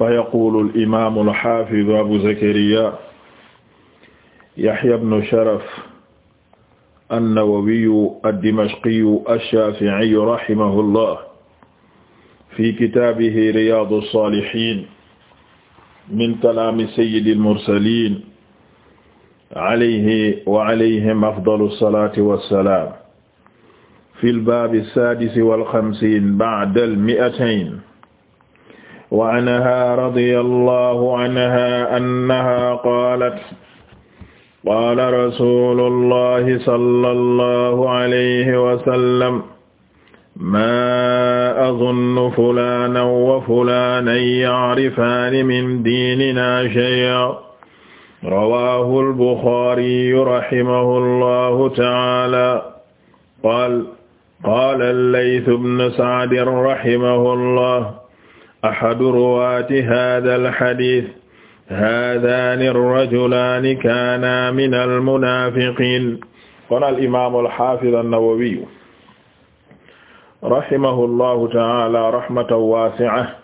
fa yaqulu al-imaamu al-haafidu abu zakariyaa yahyaa ibnu sharaf an-nawawiyu ad-dimashqiyu ash-shaafi'iyu rahimahullaah fi kitaabihi riyaadu s-saalihiin min kalaami sayyidi l-mursaliin alayhi wa alayhim afdalu s-salaati wa s-salaam fi l-baabi s-saadisi wal-khamsiin ba'da l-mi'atayn wa anha radiyallahu anha annaha qaalat qaala rasulullahi sallallahu alayhi wa sallam maa azunnu fulaanan wa fulaanan ya'rifaani min diininaa shay'an rawaahu al-Buxaariyu rahimahullahu ta'aala qaala qaala al-Layth ibn Sa'd rahimahullah axadu ruwaati haadal xadiis haadaani rajulaani kaanaa minal munaafiqiin kon al imaamul xaafiz an-Nawawi rahimahullaahu ta'aalaa rahmatan waasi'atan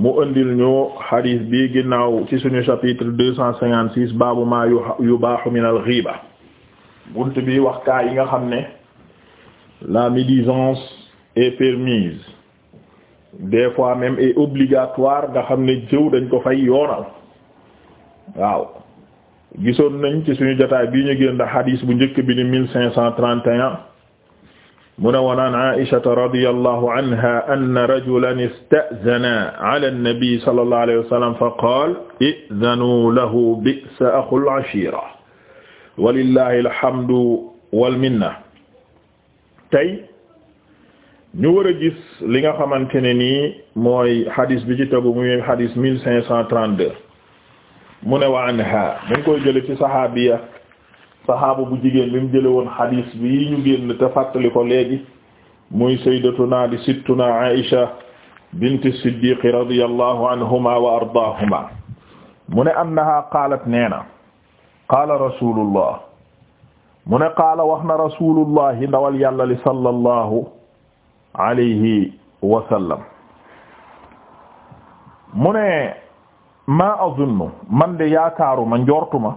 mu ëndil ñu xadiis bi ginnaaw ci suñu chapitre deux cent cinquante six baabu maa yubaahu minal ghiiba bunt bi wax kaa yi nga xam ne la médisance est permise des fois même est obligatoire nga xam ne jëw dañ ko fay yoonal waaw gisoon nañ ci suñu jotaay bii ñu génn xadiis bu njëkk bi ni mille cinq cent trente et un mu ne woon an Aïshata radiyallahu anha anna rajulan ista'zana ala an-nabi sallallahu alayhi wa sallam fa qaala i'zanu lahu bi'sa axul ashira walillahi alhamdu wal minna tey ñu war gis li nga xamante ne nii mooy xadis bi ci tegu muy hadis mille cinq cent trente deux mu ne wa anha dañ koy jële ci saxaabiya saxaaba bu jigéen bi mu jële woon hadis bi yi ñu génn te fàttali ko léegi muy sayyidatuna di sittuna Aisha bint Siddiq radiyallahu anhuma wa ardaahuma mu ne annaha qaalat nee na qaala rasulullah mu ne qaala wax na rasulullah ndawal yàlla li sallallahu alayhi wa sallam mu ne maa azunnu man de yaakaaruma njortuma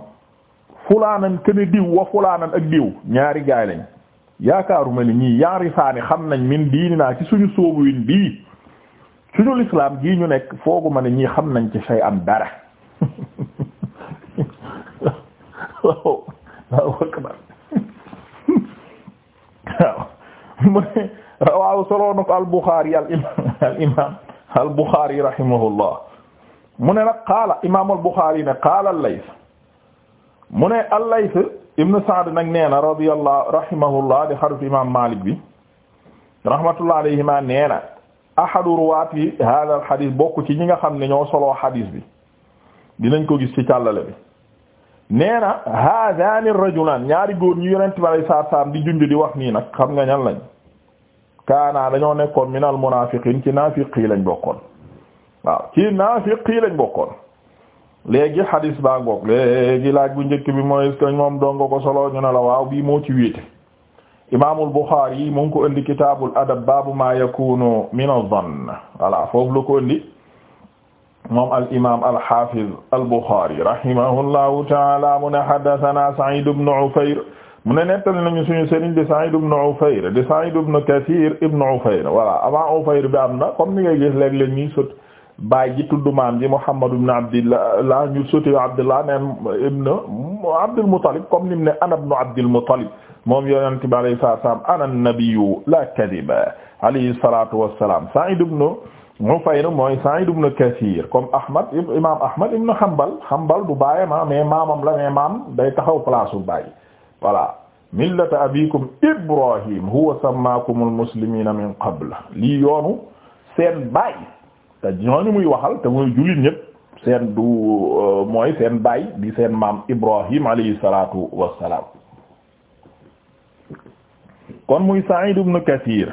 fulaanan kene diw wa fulaanan ak diw ñaari gaay lañ yaakaaruma ni ñii yaari saani xam nañ min diini naa ci suñu soobu win bii suñu lislaam gii ñu nekk fooguma ne ñii xam nañ ci say am dara waaw waaw mu ne waaw solo na ko al Bukhari al imaam ne nag qaala imaam al ne qaala al-Layth mu ne al-Layth ibn Sa'd nag nee na radiyallahu rahimahullah di xarit imaam Maalik bi rahmatullah alayhima nee na ahadu ruwaati hada al xadis bokk ci ñi nga xam ne ñoo soloo xadis bi dinañ ko gis ci càllale bi nee na haadaani ñaari góor ñu yonent bi alayhi di junj di wax nii nag xam nga ñan lañ. kaana dañoo nekkoon minal munaafiqiin ci naafiqi lañ bokkoon waaw ci naafiqi lañ bokkoon léegi hadis baa laaj bu njëkk bi mooy est-ce que dongo ko solo ñu ne la waaw bii ci wéete imaamul Buxaari yi mu ngi ko indi kitaabul adab baabu maa yakunu min az-zann voilà foofu la ko moom al imaam al haafiz al Buxaari rahimahullahu ta'aala mu ne haddasanaa Sa'iid mu ne nettali nañu suñu sëriñ di Sa'id ibn Ufayr di Sa'id ibn Kathir ibn Ufayr voilà avant Ufayr ba am na comme ni ngay gis léeg-léeg ñuy sot baay ji tudd maam ji Muhammad ibn Abdillah la ñu soti Abdillah neen ibn Abdul Muttalib comme nim ne ana ibn Abdul Muttalib moom yonent bi alayhi salaatu wa salaam ana nabiyyu la kadiba alayhi salaatu wa salaam Sa'id ibn Ufayr mooy Sa'id ibn Kathir comme Ahmad imam Ahmad ibn Hanbal Hanbal du baayam ah, mais maamam la mais maam day taxaw place u baay voilà millata abikum ibrahim huwa sammakumul muslimina min qabl lii yoonu seen baay te muy waxal te muy jullit ñépp seen du euh, mooy seen baay di seen maam ibrahim alayhi salatu wassalam kon muy Sa'id ibn Kathir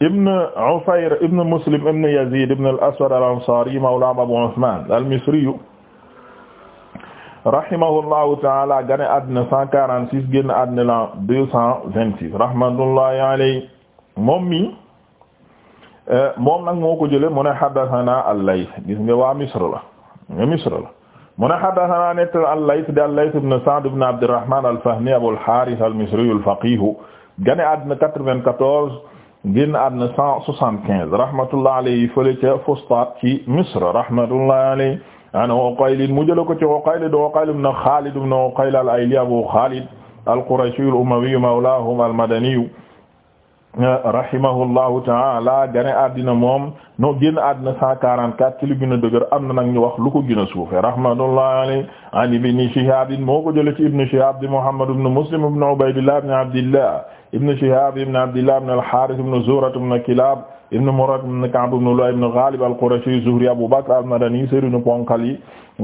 ibn Ufayr ibn Muslim ibn Yazid ibn aswad al-Ansari mawla Abu Uthman al rahimahullahu taala gane àddina cent quarante six génn àddina la deux cent vingt six rahmatullahi alayhi moom mi euh, moom nag moo ko jële mu ne haddathana al-Layth gis nga waa Misr la nga Misr la mu ne haddathana nett al-Layth di al-Layth ibn Sa'd ibn Abdurrahman al-Fahmi Abu al-Harith al-Misri al-faqih gane àddina quatre-vingt-quatorze génn àddina cent soixante-quinze rahmatullahi alayhi fële ca Fustat ci Misr rahmatullahi alayhi an Uqayl mu jël ko ci Uqayl do Uqayl ibn Khalid ibn Uqayl al-Ayli Abu Khalid al-Qurashi al-Umawi mawlahum al-Madani rahimahullahu ta'ala gane addina moom no génn addina 144 ci lu gën a dëgër am na nag ñu wax lu ko gën a suufe rahmatullahi alayhi an ibn Shihab moo ko jële ci ibn Shihab di Muhammad ibn Muslim ibn Ubaydillah ibn Abdillah ibn Shihab ibn Abdillah ibn al-Harith ibn Zuhra ibn Kilab ibn Murad ibn Ka'b ibn Lu'ay ibn Ghalib al-Qurashi az-Zuhri Abu Bakr al-Madani sëriñu ponkal yi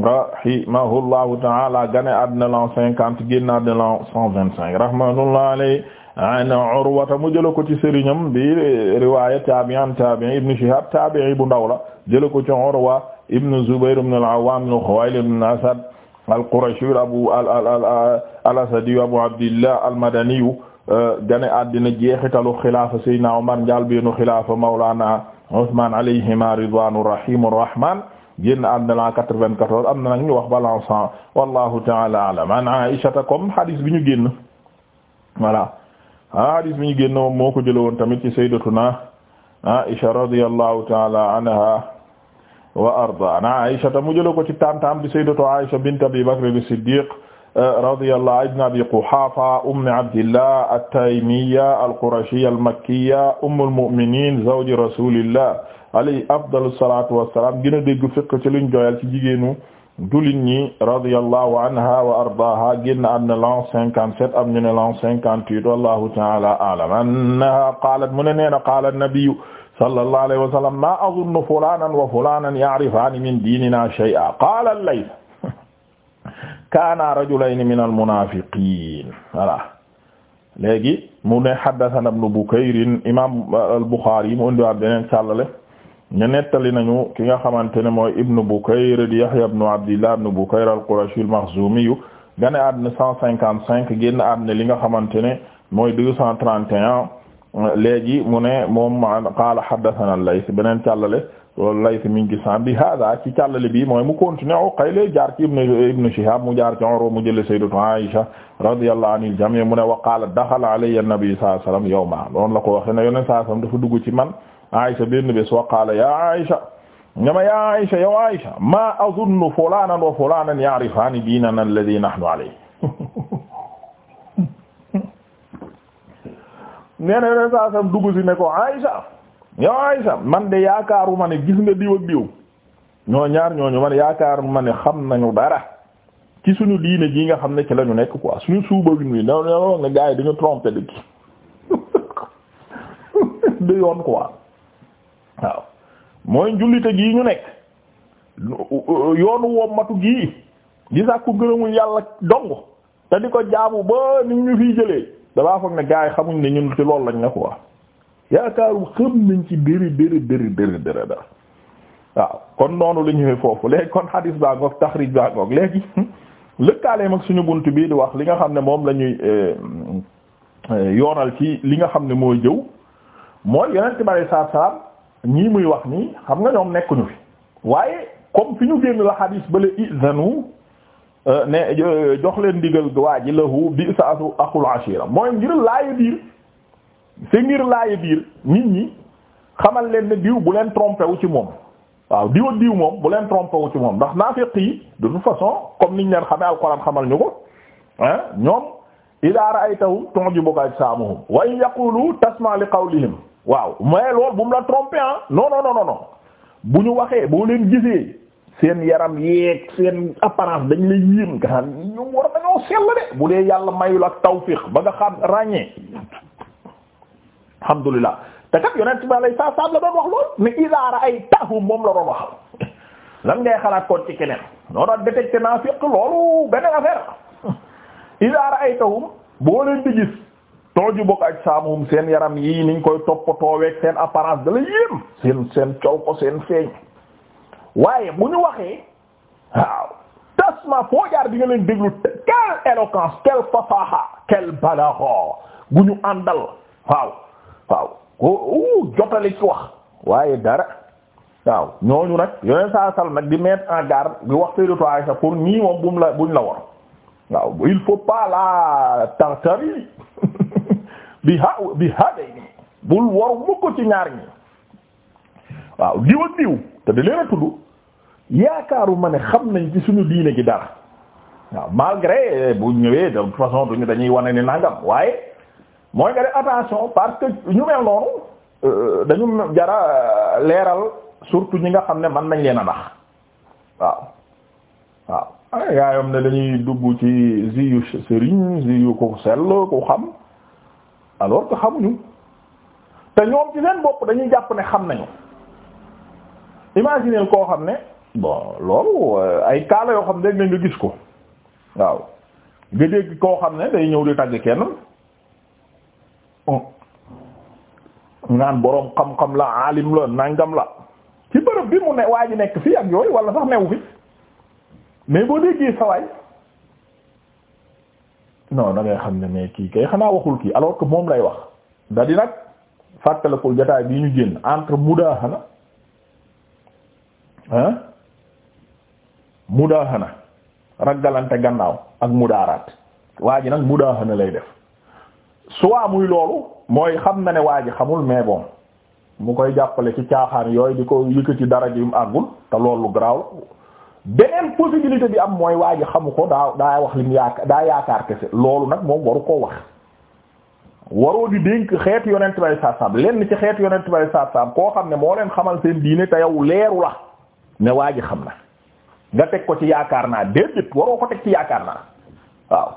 rahimahullahu ta'ala gane àddina l'an cinquante génn àddina l'an cent vingt-cinq rahmatullahi alayhi an Urwata mu jëla ko ci sëriñam bi riwaya tabi'an tabi'i ibn Shihab tabi'i bu ndaw la jëla ko ci Urwa ibn Zubayr ibn al-Awwam ibn Khuwaylid ibn Asad al-Qurashi abu al-Asadi Abu Abdillah al-Madani gane addina jeexitalu xilaafa sayyidina Umar njàlbéenu xilaafa Mawlana Usmaan alayhima ridwaanu rahiimu rahmaan génn na nag ñu ta'ala a'lam an Aïshata comme hadis bi ñu génn voilà hadis bi ñu génn moom moo ko jëlee woon tamit ci sayyidatuna Aïsha ta'ala anha wa arda an Aïshata mu jëlee ko ci Abi Bakr as-Siddiq radiyallahu ibn abi quhafa ummi abdillah at-taymiyya al-qurashiyya al-makkiyya ummul mu'minin zawji rasulillah alayhi afdalu salatu wassalam gën a dégg fiq ci luñ joyal ci jigéenu jullit ñi radiyallahu anha wa ardaha génn am na l'an cinquante-sept am ñu ne l'an cinquante-huit wallahu ta'ala a'lam annaha qalat mu ne nee na qaala an-nabiyyu sallallahu alayhi wa sallam ma azunnu fulanan wa fulanan ya'rifani min dinina shay'an qala al-layth kaana rajulayni min al munaafiqiin voilà léegi mu ne haddathana ibnu Bukayrin imaam al Buxaari mu indiwaat beneen sàllale ñu nettali nañu ki nga xamante ne mooy ibnu Bukayr di Yahya ibnu Abdillah ibnu Bukayr al Qurashi al Makhzumi gane àddina cent cinquante cinq li nga xamante ne mooy deux cent léegi mu ne moom qaala haddathana al Layth beneen sàllale loolu layt mi ngi gisaan bi hada ci càllale bi mooy mu continuer Uqayl lay jaar ci ibn ibn Shihab mu jaar ci Urwa mu jële sayyidatu Aisha radiyallahu anil jami' mu ne wa qala dakhala alayya an-nabi sallallahu alayhi wasallam yawma noonu la ko waxe ne yoneen sallallahu alayhi wasallam dafa dugg ci man Aisha benn bés wa qala ya Aisha ñama ya Aisha yow Aisha ma azunnu fulanan wa fulanan ya'rifani dinana alladhi nahnu alayhi nee na yoneen sallallahu alayhi wasallam dugg ci ne ko Aisha ñooy sax man de yaakaaru ma ne gis nga diw ak diw ñoo ñaar ñooñu man yaakaaru ma ne xam nañu dara ci suñu diine ji nga xam ne ci la ñu nekk ko suñu suuba win wi da wax du yoon quoi waaw mooy njullite gii ñu nekk yoonu wommatu gii di sàkku gërëmul yàlla dong te di ko jaabu ba ni ñu fiy jëlee damaa foog ne gars yi xamuñ ne ñun ci loolu lañ ne quoi yaakaaru xam nañ ci dëri dëri dëri dëri dëra dara waaw kon noonu la ñëwee foofu léegi kon xadis baa ngoog taxrij baa ngoog lëkkaaleem ak suñu bunt bii di wax li nga xam ne moom lañuy ñuy eh, eh, yoonal ci li nga xam ne mooy jëw mooy yonent bi alei salaatu salaam ñii muy wax nii xam nga ñoom nekkuñu fi waaye comme fi ñu génn la xadis bale izanu eh, ne jox leen digal waa ji lahu bi sa asu axul mooy ngir laaya biir te ngir laaye biir nit ñi xamal leen ne diw bu leen trompé wu ci moom waaw diw ak diw moom bu leen trompé wu ci moom ndax naafiq yi de toute façon comme niñ leen xamee alxuraan xamal ñu ko ah ñoom idaa ra'aytahum tu'jibuka ajsaamuhum wa in yaqulu tasma' li qawlihim waaw mais loolu bu mu la trompé ah non non non non bu ñu waxee boo leen gisee seen yaram yeeg seen apparence dañ lay yéem nga xam ñu war dañoo sell de bu dee yàlla mayul ak tawfiq ba nga xam ràññee alhamdulillah te kat yonent la doon wax lool mais idaara ay taxum moom la doon wax lan ngay xalaat kon ci keneen noo doon détecté naafiq loolu beneen affaire idaara ay taxum boo leen di gis tooju bokk ak saamuum seen yaram yi niñ koy toppatooweeg seen apparence da la yéem seen seen coow seen feeñ waaye bu ñu waxee waaw tasma foo jaar di nga leen déglu quelle éloquence quelle fasaha quelle balagha gu ñu àndal waaw waaw ko uh, jotale ci wax waaye dara waaw ñooñu nag yoneen nag di mettre en garde di wax Sayyidatu Aisha pour nii moom bumu la buñ la war waaw il faut pas la tartari bi ha bi haday ni bul war mukk ci ñaar ñi waaw diw ak diw te da leen a tudd yaakaaru ma ne xam nañ ci suñu diine gi dara waaw malgré eh, bu ñëwee de toute façon duñu dañuy wane ne nangam waaye mooy nga def attention parce que ñu mel noonu euh, dañu jara euh, leeral surtout ñi nga xam ne man nañ leen a nax waaw waaw ay ah, gaayam ne dañuy dugg ci ziyu sëriñ ziyu ku sell ku xam alors que xamuñu te ñoom ci seen bopp dañuy jàpp ne xam nañu imaginer koo xam ne bon loolu euh, ay kaala yoo xam ne nga gis ko waaw nga dégg koo xam ne day ñëw di tagg kenn Oh. naan boroom xam-xam la alim la nangam la ci bërëb bi mu ne waa nekk fii ak yooyu wala sax newu fi mais boo déggee sawaay non da xam ne mais kii kay xanaa waxul kii alors que moom lay wax da di nag fàttalikul jotaay ñu génn entre mudaahana ah mudaahana raggalante gannaaw ak mudaaraat waa ji nag mudaahana lay def soit muy loolu mooy xam na ne waa ji xamul mais bon mu koy jàppale ci caaxaan yooyu di ko yëkkati dara ji mu àggul te loolu garaaw beneen possibilité bi am mooy waa ji xamu ko daa daa wax lim yaaka daa yaakaar kese loolu nag moom waru koo wax waroo di dénk xeetu yonent bay saab lenn ci xeetu yonent bay saab koo xam ne moo leen xamal seen diine te yow leeru la ne waa ji xam na nga teg ko ci yaakaar naa déedéet waroo ko teg ci yaakaar naa waaw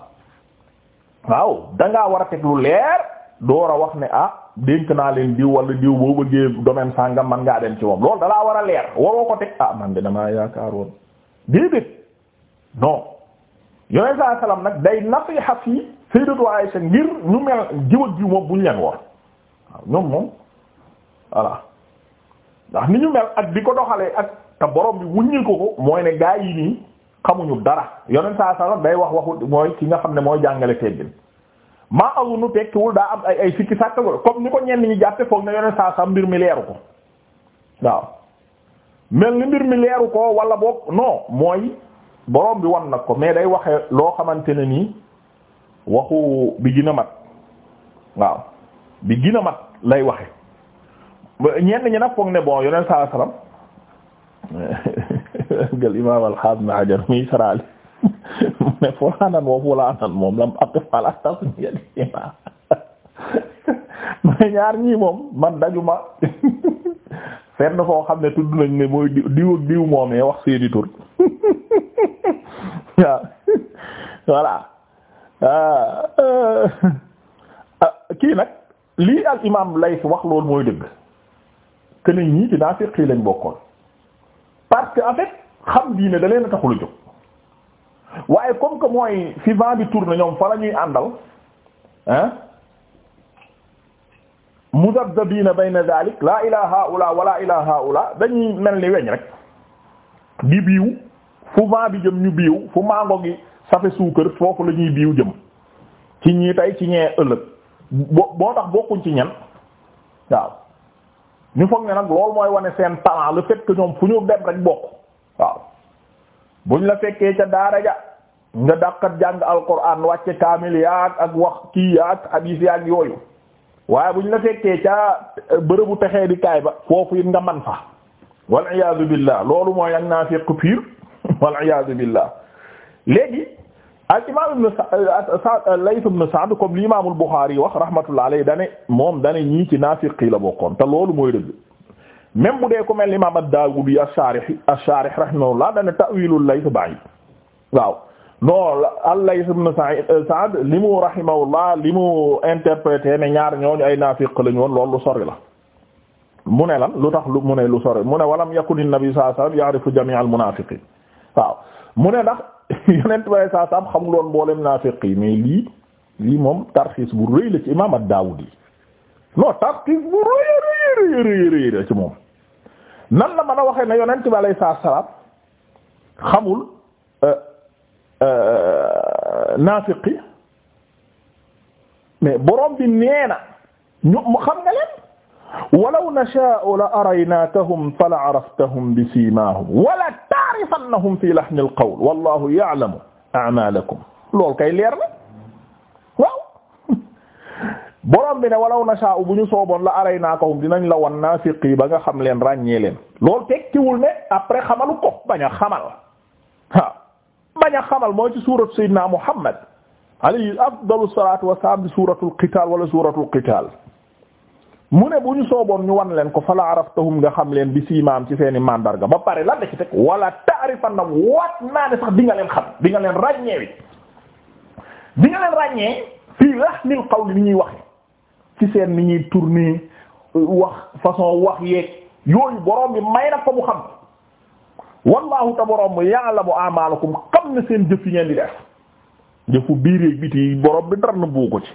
waaw dangaa war a teg lu leer door a wax ne ah dénk naa leen diw wala diw boo bëggee domaine sàngam man ngaa dem ci moom loolu dalaa war a leer waroo ko teg ah man de damaa yaakaar woon déedéet non yonent saa salaam nag day nasiha fi Sayyidatu Aisha ngir ñu mel jiw jiw moom buñ leen war waaw ñoom moom voilà ndax ni ñu mel ak di ko doxalee ak te borom bi wuññil ko ko mooy ne gaa yi nii xamuñu dara yonent saa sallam day wax waxu mooy ki nga xam ne mooy jàngale teggin maa azunu tekkiwul daa am ay ay fikki sàkkagul comme ni ko ñenn ñi jàppe foog ne yonent saa mbir mi ko wala boog mooy borom bi wan nag ko mais day waxee loo xamante ne nii waxu a mat waaw bi a mat lay waxe ñi nag foog ne gal imam alxaam na hajar muy sarali mu ne fulaanan wa fulaanan moom lam aqif ala tasniyatihima mais ñaar ñii moom man dajuma fenn foo xam ne tudd nañ ne mooy diw ak diw moomee wax seeni tur waaw voilà ah, euh, kii nag lii al imam Layth wax loolu mooy dëgg que ne ñii ci lañ bokkoon parce que en fait xam diine da leen a taxul a jóg waaye comme que mooy fi vent bi tourne ñoom fa la ñuy àndal ah mudabdabina bayna dalik la ila haula wala ila haula dañuy mel ni weñ rek di biiw fu vent bi jëm ñu biiw fu mango gi safe suukar foofu la ñuy biiw jëm ci ñii tey ci ñee ëllëg bo boo tax bokkuñ ci ñen waaw ñu foog ne nag loolu mooy wane seen talent le ñoom fu ñu dem rek bokk buñ la fekkee ca daara ja nga dàqat jàng alquran wàcce kaamil yaag ak wax kii yaag hadis yaag buñ la fekkee ca euh, bërëbu texee di kaay ba foofu it nga man fa wal iyaadu billah loolu mooy ak naa fekk piir wal iyaadu billah léegi al imaam ibn Sa'd bi ibn Sa'd comme l'imam al Bukhari wax rahmatullah alayhi dane moom dane ñii ci naafiqi la bokkoon te loolu mooy dëgg même bu dee ku mel imaam ad-Daawudi as-Saarih as-Saarih rahimahullah dana ta'wiilul Layth ba'id waaw non al-Layth ibn euh, Sa'd li mu rahimahullah li mu interprété ne ñaar ñooñu ay naafiq lañu woon loolu lu sori la. mu ne lan lu tax lu mu ne lu sori mu ne walam yakun an-nabi sallallahu alayhi wasallam ya'rifu jami' al-munaafiqiin waaw mu ne ndax yeneen tubaab yi saa saa xamul woon mboolem naafiq yi lii lii moom tarxiis bu rëy la ci imaam ad non tartis bu rëy rëy ci moom nan la mën a waxee ne yonent bi alayhi salaam xamul euh, euh, naafiqi mais borom bi nee na ñu xam nga leen walaw nashaa'u la araynaakahum fala araftahum bi siimaahum wala ta'rifannahum fi lahnil qawl wallahu ya'lamu a'maalakum lool kay leer na borom bi ne walaw nashaa'u bu ñu sooboon la araynaakahum dinañ la wan naafiq yi ba nga xam leen ràññee leen loolu tekkiwul ne après xamalu ko bañ a xamal waaw bañ a xamal moo ci suuratu sayyidina Muhammad alayhi afdalu salaatu wassalaam di suuratul qitaal wala suuratul qitaal mu ne bu ñu sooboon ñu wan leen ko fala araftahum nga xam leen bi siimaam ci seeni mandarga ba pare lan ci teg wala ta'rifannahum waat naa ne sax di nga leen xam di nga leen ràññee wi di nga leen ràññee fii lahnil qawli ñuy waxe ci seen ni ñuy tourner euh, wax façon wax yeeg yooyu borom bi may na ko mu xam wallahu ta borom bi ya'lamu a'malakum xam na seen jëf yi ngeen def jëfu biir yeeg biti borom bi dara na boo ko ci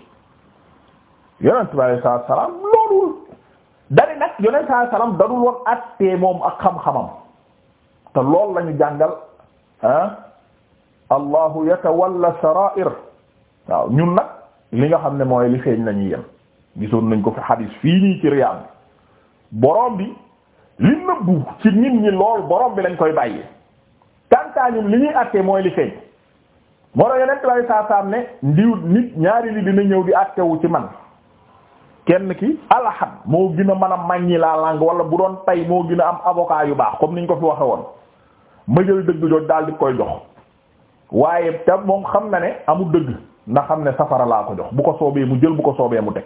yonent bi alayhi salaatu salaam loolu dari nag yonent salaatu salaam dadul woon attee moom ak xam-xamam te loolu la jàngal ah allahu yatawalla sarair waaw ñun nag li nga xam ne mooy li feeñ la ñuy gisoon nañ ko fi xadis fii nii ci Riyaad borom bi li nëbbu ci nit ñi lool borom bi lañ koy bàyyee kantaa ñun li ñuy àttee mooy li feeñ moo tax yeneen tubaab yi saa saa ne ndiw nit ñaari li dina ñëw di àttewu ci man kenn ki alxam moo gin a mën a màññi laa langue wala bu doon tay moo gën a am avocat yu baax comme niñ ko fi waxe woon ma jël dëgg jot daal di koy jox waaye te moom xam na ne amul dëgg na xam ne safara laa ko jox bu ko soobee mu jël bu ko soobee mu teg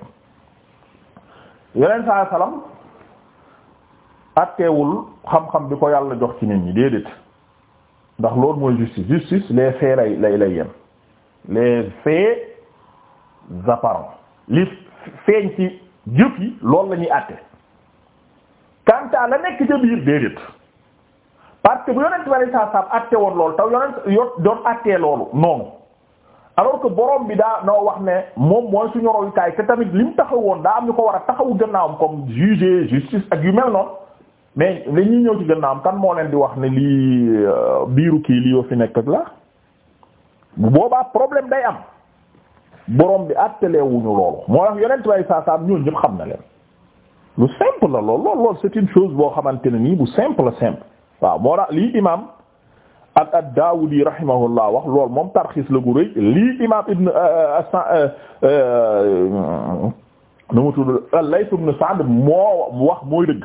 yeneen saa salaam àtteewul xam-xam bi ko yàlla jox ci nit ñi déedéet ndax loolu mooy justice justice les faits lay lay lay yem les faits apparents li feeñ ci jëf yi loolu àtte quant la nekk ca biir déedéet parce que bu yonent bi sallallahu alayhi àtte woon loolu taw yonent yo doon loolu noonu alors que borom bi daa noo wax ne moom mooy suñu royukaay te tamit li mu woon daa am ñu ko war a taxawu gannaawam comme juge justice ak yu mel noonu mais ñuy ñëw ci am kan moo leen di wax ne lii euh, biiru kii lii yoo fi nekk la bu boobaa problème day am borom bi àttaleewuñu loolu moo tax yonent way saa saam ñooñu ñëpp xam na leen lu simple la lool lool lool c'est chose boo xamante ne nii bu simple simple waaw moo tax lii imam ak ad-Daawudi rahimahullah wax lool moom tarxiis la gu rëy lii imaam ibn euh, euh, euh, nu mu tudd al-Layth ibn Sa'd moo wax mooy dëgg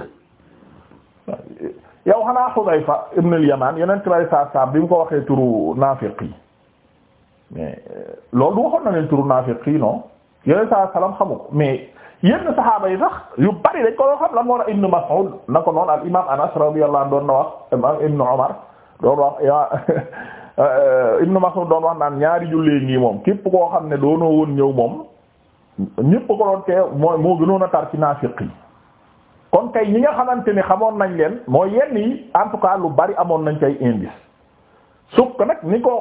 yow xanaa Xudayfa ibn al-Yamaan yeneen tubaab saa saa bi mu ko waxee turu naafiq yi mais loolu du waxoon na leen turu naafiq yi non yeneen saa salaam xamu ko mais yenn saxaaba yi sax yu bari dañ ko doon xam lan moo tax Ibn Mas'ud na ko noonu al imaam Anas radiyallahu anhu doon na wax imaam Ibn Umar. doon wax yaa euh, euh, na Mas'ud doon wax naan ñaari jullee ngi moom képp koo xam ne doonoo woon ñëw moom ñépp ko doon teew mooy moo gënoon a tar ci naafiq yi kon kay ñi nga xamante ni xamoon nañ leen moo yenn yi en tout cas lu bari amoon nañ kay indice sukk nag ni ko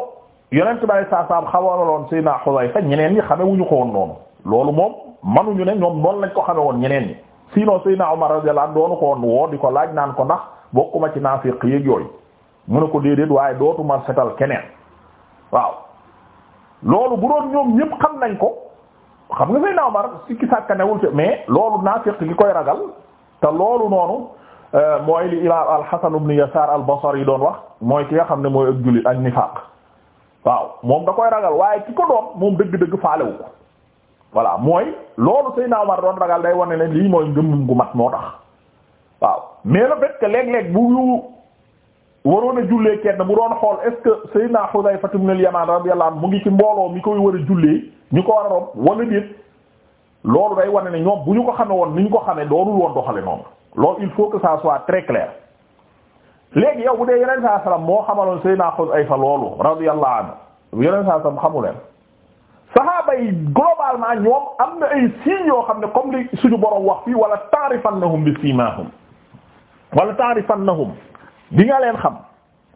yonent a saa saam naa Seydina Xudayfa ñeneen ñi xame wuñu ko woon noonu loolu moom manuñu ne ñoom noonu lañ ko xame woon ñeneen ñi sinon Seydina Umar radiyallahu anhu doonu ko woon woo di ko laaj naan ko ndax bokkuma ci naafiq yéeg yooyu mu ne ko déedéet waaye dootuma setal keneen waaw loolu bu doon ñoom ñëpp xam nañ ko xam nga say naaw mar sikki sàkka newul ci mais loolu naafiq gi koy ragal te loolu noonu euh, mooy li imaam al-Hasan Yasaar al yi doon wax mooy ki nga xam ne mooy ak jullit ak nifaaq waaw moom da koy ragal waaye ki ko doon moom dëgg-dëgg faalewu ko voilà mooy loolu Seydina Omar doon ragal day wane ne lii mooy ngëmum gu mat moo tax waaw mais le fait que léeg-léeg waroon a jullee kenn bu doon xool est-ce que Seydina Hudayfa ibn al-Yaman radiyallahu anhu mu ngi ci mbooloo mi koy war a jullee ñu ko war a romb wala déet loolu day wane ne ñoom bu ñu ko xame woon ni ñu ko xamee doonul woon doxale noonu loolu il faut que ça soit très clair léegi yow bu dee yeneen saa salaam moo xamaloon Seydina Hudayfa loolu radiyallahu anhu yeneen saa salaam xamu leen saxaaba yi globalement ñoom am na ay signes yoo xam ne comme li suñu borom wax fii wala ta'rifannahum bi simahum wala ta'rifannahum di nga leen xam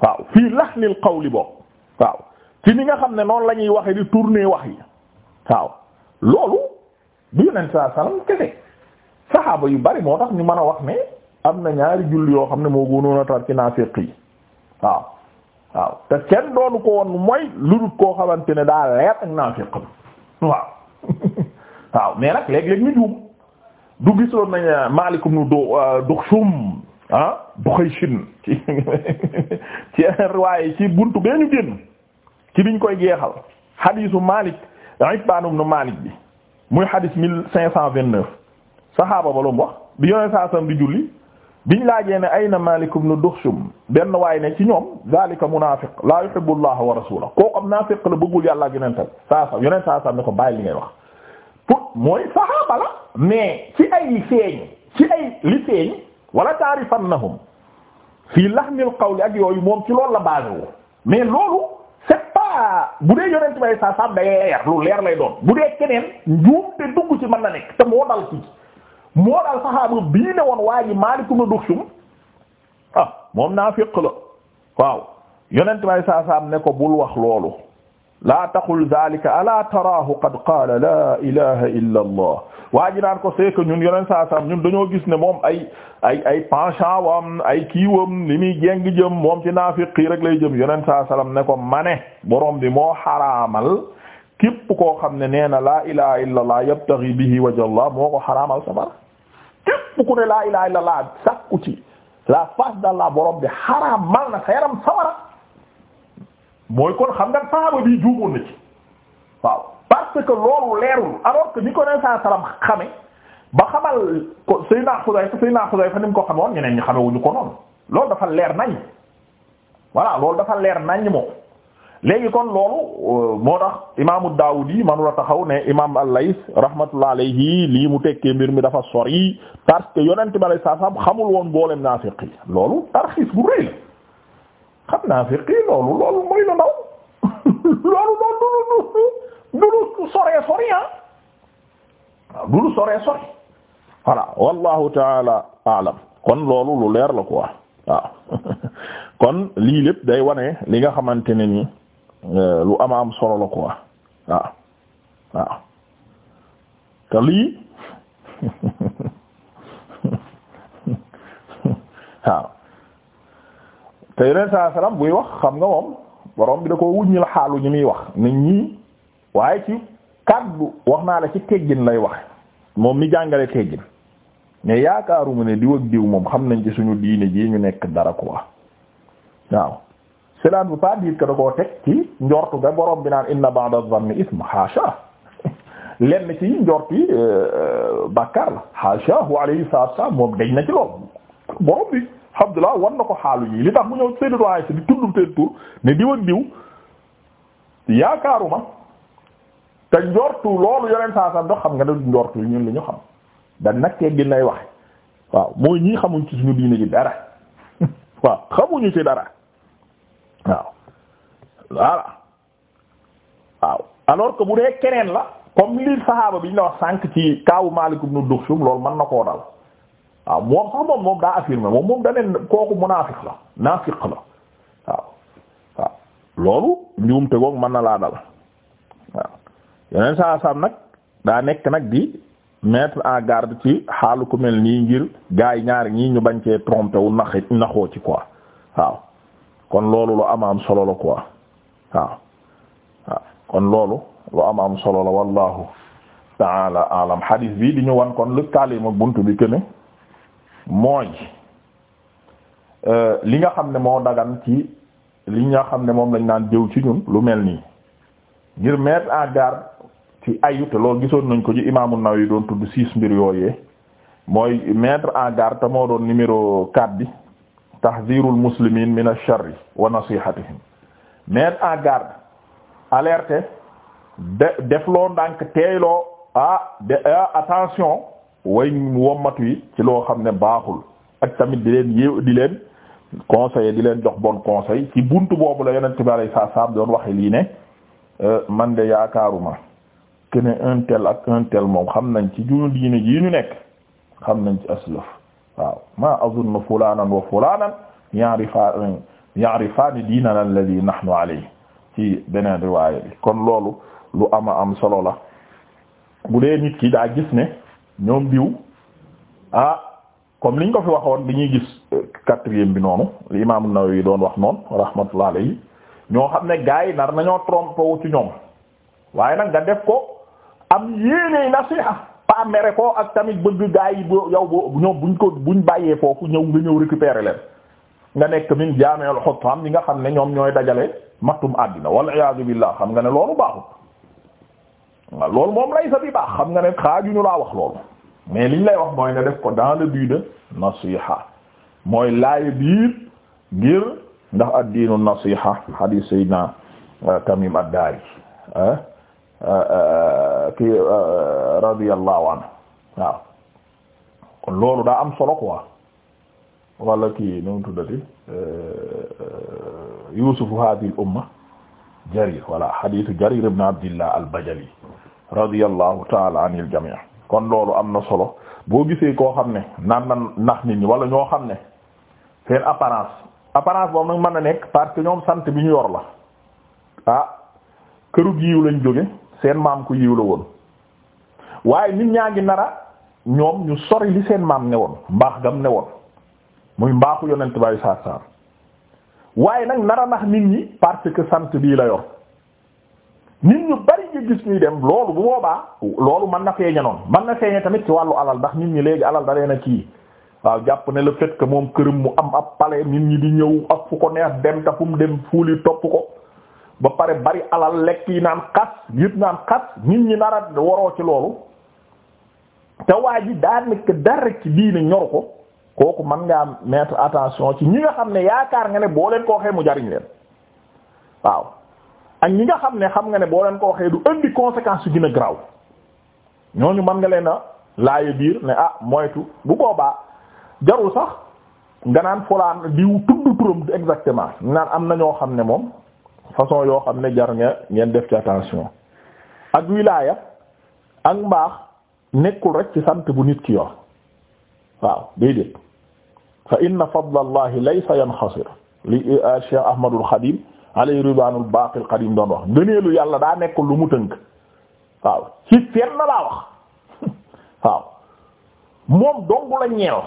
waaw fii xaw li bokk waaw ci ni nga xam ne noonu la ñuy waxe di tourner wax yi waaw loolu du yonent saa saxaaba yu bari moo tax ñu man a wax ne am na ñaari julli yoo xam ne moo gënoon a tar ci naafiq yi waaw waaw te kenn doonu ko woon mooy lu dul koo xamante ne daa leer ak naafiq waaw waaw mais nag léeg-léeg ñu juum du gisoon nañ Maalik ibn Duxsum ah Duxaysin ci ci waaye ci bunt bee ñu génn ci biñ koy jeexal xadiisu Maalik Itbaan ibnu Maalik bi muy xadiis mille cinq cent vingt-neuf saxaaba ba lu mu wax bi yoneen saa sam di julli biñ laajee ne ayna Maalik ibnu Duxsum benn waay ne ci ñoom zaalika munaafiq laa yuhibbu Allaha wa rasuulahu koo xam naafiq la bëggul yàlla ak yonentam saa sam yoneen saa ne ko bàyyi li ngay wax pour mooy saxaaba la mais ci ay feeñ ci ay li feeñ wala taarifannahum fii lahnil qawli ak yooyu moom ci lool la basé wu mais loolu c'est bu dee yonent bay sa day leer lu leer lay doon bu dee keneen njuum te dugg ci mën na nekk te moo dal ci moo dal saxaaba bii ne woon waa ji Maalik ibn Duxsum ah moom naa féq la waaw yonent bay sa sam ne ko bul wax loolu la taqul zalika alaa taraahu qad qaala laa ilaha illa allah waa ko c'est que ñun yoneen saa ñun dañoo gis ne moom ay ay ay penchant wam ay kiiwam li muy jéng jëm moom ci naafiqi rek lay jëm yoneen saa sallam ne ko mane borom bi moo xaraamal képp koo xam ne nee na laa ilaha illa bihi wajha moo ko xaraamal safara képp ku ne laa ilaha illa ci la face d'Allah borom bi xaraamal na sa yaram mooy kon xam nga saaba bi juumoon na ci waaw parce que loolu leerul alors que ni ko ne saa salaam xame ba xamal ko Seydina Xudayfa Seydina Xudayfa ni mu ko xame woon ñeneen ñi xame wuñu ko noonu loolu dafa leer nañ voilà loolu dafa leer nañ moom léegi kon loolu euh, moo tax imaamu Daawudi manula taxaw ne imaam al-Layth rahmatullah alayhi lii mu tekkee mbir mi dafa sori parce que yonent bi alayhi salaam xamul woon mboolem naafiq yi loolu tarxiis bu rëy xam naa fi loolu loolu mooy lu ndaw loolu loolu du lu lu soree sori ah waaw du lu soree sori voilà wallahu taala alam kon loolu lu leer la quoi waaw kon lii lépp day wane li nga xamante ne ni euh, lu ama am solo la quoi waaw waaw te lii waaw te yeneen saa salaam buy wax xam nga moom boroom bi da koo wuññil xaalu ñi muy wax nit ñi waaye ci kaddu wax naa la ci teggin lay wax moom mi jàngale teggin mais yaakaarumu ne diw ak diw moom xam nañ ci suñu diine ji ñu nekk dara quoi waaw cela ne veut pas dire que da koo teg ci njortu ga borom bi naan inna ba'da dhanni ism haasha lenn ci njort yi euh, bàkkaar la haasha wa alayhi salaam moom dañ na ci lool borom bi xam laa wan na ko xaalu ñii li tax mu ñëw Seydou Doyen si di tudd seen tur ne diw ak diw yaakaaruma te njortu loolu yeneen saa sax dox xam nga ne njortu ñun la ñu xam dañ nag tey gin lay waxe waaw mooy ñii xamuñ ci suñu diine ji dara waaw xamuñu ci dara waaw voilà waaw alors que bu dee keneen la comme li saxaaba bi ñu la wax sànq ci kaawu Maalik ibn Duxsum loolu mën na koo dal. waaw moom ma moom moom daa affirmé kooku munaafiq la naafiq la waaw waaw loolu njuum tegoog mën na laa dal waaw yeneen saa saam nag daa nekk nag bi mettre en garde ci xaalu ku mel nii ngir gaa yi ñaari ñii ñu bañ cee trompé nax naxoo ci quoi waaw kon loolu lu am am solo la quoi waaw kon loolu lu am am solo la wallahu taala alam hadith bi di ñu wan kon lëkkaale ma buntu bi que mooy euh, li nga xam ne moo dagan ci li nga xam ne moom lañ naan jëw ci ñun lu mel nii ngir mettre en garde ci ayu te loolu gisoon nañ ko ci imaamu Nawawi doon tudd six mbir yooyee mooy mettre en garde te moo doon numéro quatre bi tahzirul muslimin min ash-sharri wa nasihatihim mettre en garde alerte de def loo ndànk teeyloo ah de ah, attention way wommatu yi ci loo xam ne baaxul ak tamit di leen yéew di leen conseiller di leen jox bon conseil ci buntu boobu la yonent bi alayhi salaam doon waxe lii ne euh, man de yaakaaruma que ne un ak un moom xam nañ ci junu diine yi ñu nekk xam nañ ci aslaf waaw ma azunnu fulanan wa fulanan ya'rifa ya'rifani diinana alladhi nahnu alayhi ci beneen riwaaya bi kon loolu lu ama am solo la bu dee nit ki daa gis ne ñoom diw ah comme niñ ko fi waxoon bi ñuy gis euh, quatrième bi noonu li imaam An-Nawawi doon wax noonu rahmatullah alayhi ñoo xam ne gars yi nar nañoo trompé wu ci ñoom waaye nag nga def ko am yéene nasiha pas mere ko ak tamit bëgg gars yi boo yow boo ñoom buñ ko buñ bàyyee foofu ñëw nga ñëw récupérer leen nga nekk min loxo xuttam ñi nga xam ne ñoom ñooy dajale matum àddina wal iyaadu billah xam nga ne loolu baaxul loolu moom lay sa bi baax nga ne xaajuñu laa wax loolu mais liñ lay wax mooy nga def ko dans le but de nasiha mooy laay biir ngir ndax ad-diinu nasiha hadith sayyidina euh, Tamim ad-Dari euh, euh, ki radiyallahu anhu loolu daa am solo quoi wala kii nu mu tuddati Yusufu umma Jarir voilà hadith Jarir ibn Abdillah al-Bajali radiyallahu ta'ala anil jami' kon loolu am na solo boo gisee koo xam ne naan na nax nit ñi wala ñoo xam ne seen apparence apparence boobu nag mën a nekk parce que ñoom sant bi ñu yor la ah këru yiw lañ jóge seen maam ku yiw la woon waaye nit ñaa ngi nara ñoom ñu sori li seen maam ne woon mbaax gam ne woon muy mbaaxu yonent bay saar saar waaye nag nar a nax nit ñi parce que sant bii la yor nit ñu bari nga gis ñuy dem loolu bu boobaa loolu man na feeña noonu man na feeña tamit ci wàllu alal ndax nit ñi léegi alal da leen a kii waaw jàpp ne le fait moom këram mu am ab palais nit ñi di ñëw ak fu ko neex dem te fu mu dem fuuli topp ko ba pare bari alal lekk yi naan xas yëpp naan xas nit ñi nar a ci loolu te waa ji daa nekk dara ci diine ñor ko kooku mën ngaa mettre attention ci ñi nga xam ne yaakaar nga ne boo leen ko waxee mu jariñ leen waaw ak ñi nga xam ne xam nga ne boo leen ko waxee du indi conséquence yu gën a graw ñooñu mën nga leen a laaj biir ne ah moytu bu boobaa jarul sax nga naan fulaan diw tudd turam exactement naan am na ñoo xam ne moom façon yoo xam ne jar nga ngeen def ci attention ak wilaaya ak mbaax nekkul rek ci sant bu nit ki yor waaw déedéet fa inna fadla allahi laysa yanxasir li eh, Cheikh Ahmadul Xadim alayhi ridwaanul baaqil qadim doon wax gëneelu yàlla daa nekk lu mu tënk waaw ci fenn laa wax waaw moom dong la ñeel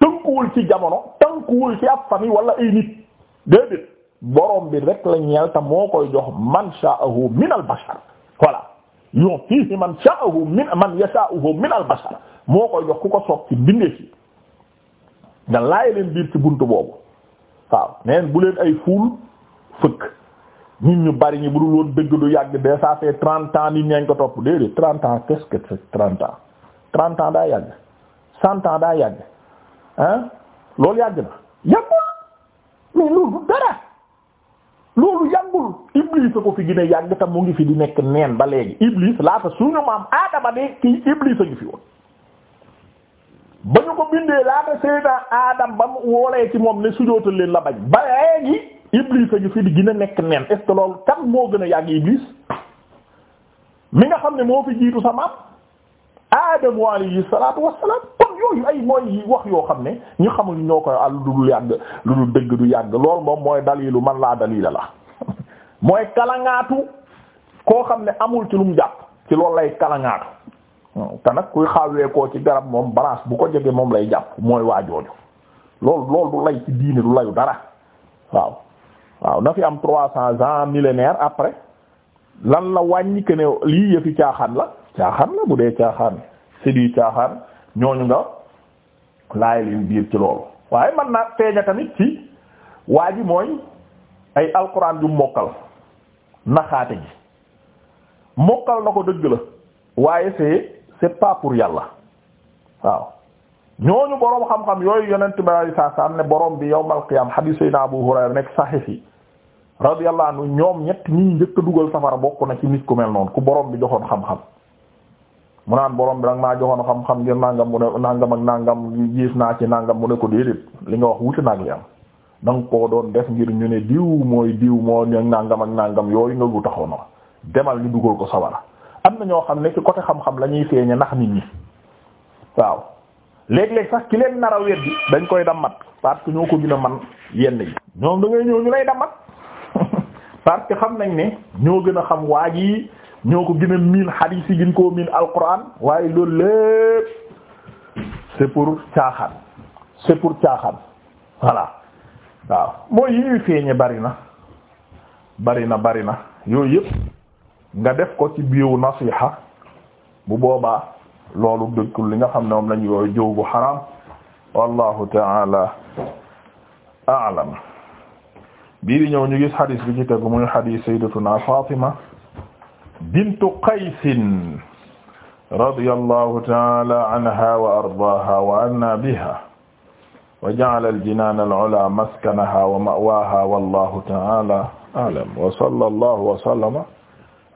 tënkuwul ci jamono tënkuwul ci ab famille wala ay nit déedéet borom bi rek la ñeel te moo koy jox man sha'ahu min al bashar voilà yu'tihi man sha'ahu min man yasha'uhu min al bashar moo koy jox ku ko sopp ci bindee ci nga laaj leen biir ci bunt boobu waaw neen bu leen ay fuul fëkk nit ñu bari ñi bu dul woon dëgg du yàgg de ça fait trente ans nit ñaa ngi ko topp déedéet trente ans qu'est-ce que c'est trente ans daa yàgg cent daa yàgg ah loolu yàgg na yàggul mais loolu dara loolu yàggul iblis ko fi gën yàgg tam mu ngi fi di nekk neen ba léegi iblis laata suñu maam aadama de kii iblis a ngi fi woon ba ñu ko bindee laata Seydina Adam ba mu woolee ci moom ne sujootal leen la bañ ba léegi Iblis a ñu fi di gin a nekk nen est ce que loolu kan moo gën a yàgg Iblis mi nga xam ne moo fi jiitu sa maam Adamu alayhi salaatu wassalaam kon yooyu ay mooy wax yoo xam ne ñu xamul ñoo ko àll du dul yàgg lu dul dëgg du yàgg loolu moom mooy dalilu man laa dalila la mooy kalangaatu koo xam ne amul ci lu mu jàpp ci loolu lay kalangaatu. te nag kuy xawee koo ci garab moom balance bu ko jege moom lay jàpp mooy waajooju loolu loolu du lay ci diine du layu dara waaw waaw na fi am trois cents ans millénaire après lan la wàññi que ne lii yëfi caaxaan la caaxaan la bu dee caaxaan c'est du caaxaan ñooñu nga laaj leen biir ci loolu waaye man naa feeña tamit ci waa ji mooy ay alxuraan yu mokkal naxaate gi mokkal na ko dëgg la waaye c'est c'est pour yàlla waaw ñooñu boroom xam-xam yooyu yonent ba ay saa saa ne boroom bi yawmal qiyaam xadiis Seydina Abu Hurayra nekk saxiix yi radiyallahu anhu ñoom ñett ñi njëkk a dugal safara bokk na ci nit ku mel noonu ku boroom bi joxoon xam-xam mu naan boroom bi nag maa joxoon xam-xam ngir nangam mu ne nangam ak nangam gis naa ci nàngam mu ne ko déedéet li nga wax wuute nag li am da nga koo doon def ngir ñu ne diw mooy diw moo nangam ak nangam yooyu nga gu demal ñu dugal ko safara am na ñoo xam ne ci côté xam-xam la ñuy feeñe ndax nit ñi waaw léeg-léeg sax ki leen nar a weddi dañ koy damat parce que ñoo ko gën a man yenn yi ñoom da ngay ñëw ñu lay dammat parce que xam nañ ne ñoo gën a xam waa ji ñoo ko gina a miin xadiis yi gën koo miin alquran waaye loolu lépp c'est pour caaxaan c'est pour caaxaan voilà waaw mooy yi ñuy feeñe bari na bari na bari na yooyu yëpp nga def ko ci biiwu nasiha bu boobaa loolu dëkkul li nga xam ne moom lañu yooyu jëw bu xaraam wallahu taala a'lam bii di ñëw ñu gis xadis bi ci tegu muy xadis sayyidatuna Fatima bintu Qaysin radiyallahu taala anha wa ardaaha wa anna biha wa ja'ala al-jinaan al-'ulaa maskanaha wa ma'waaha wallahu taala a'lam wa sallallahu wa sallama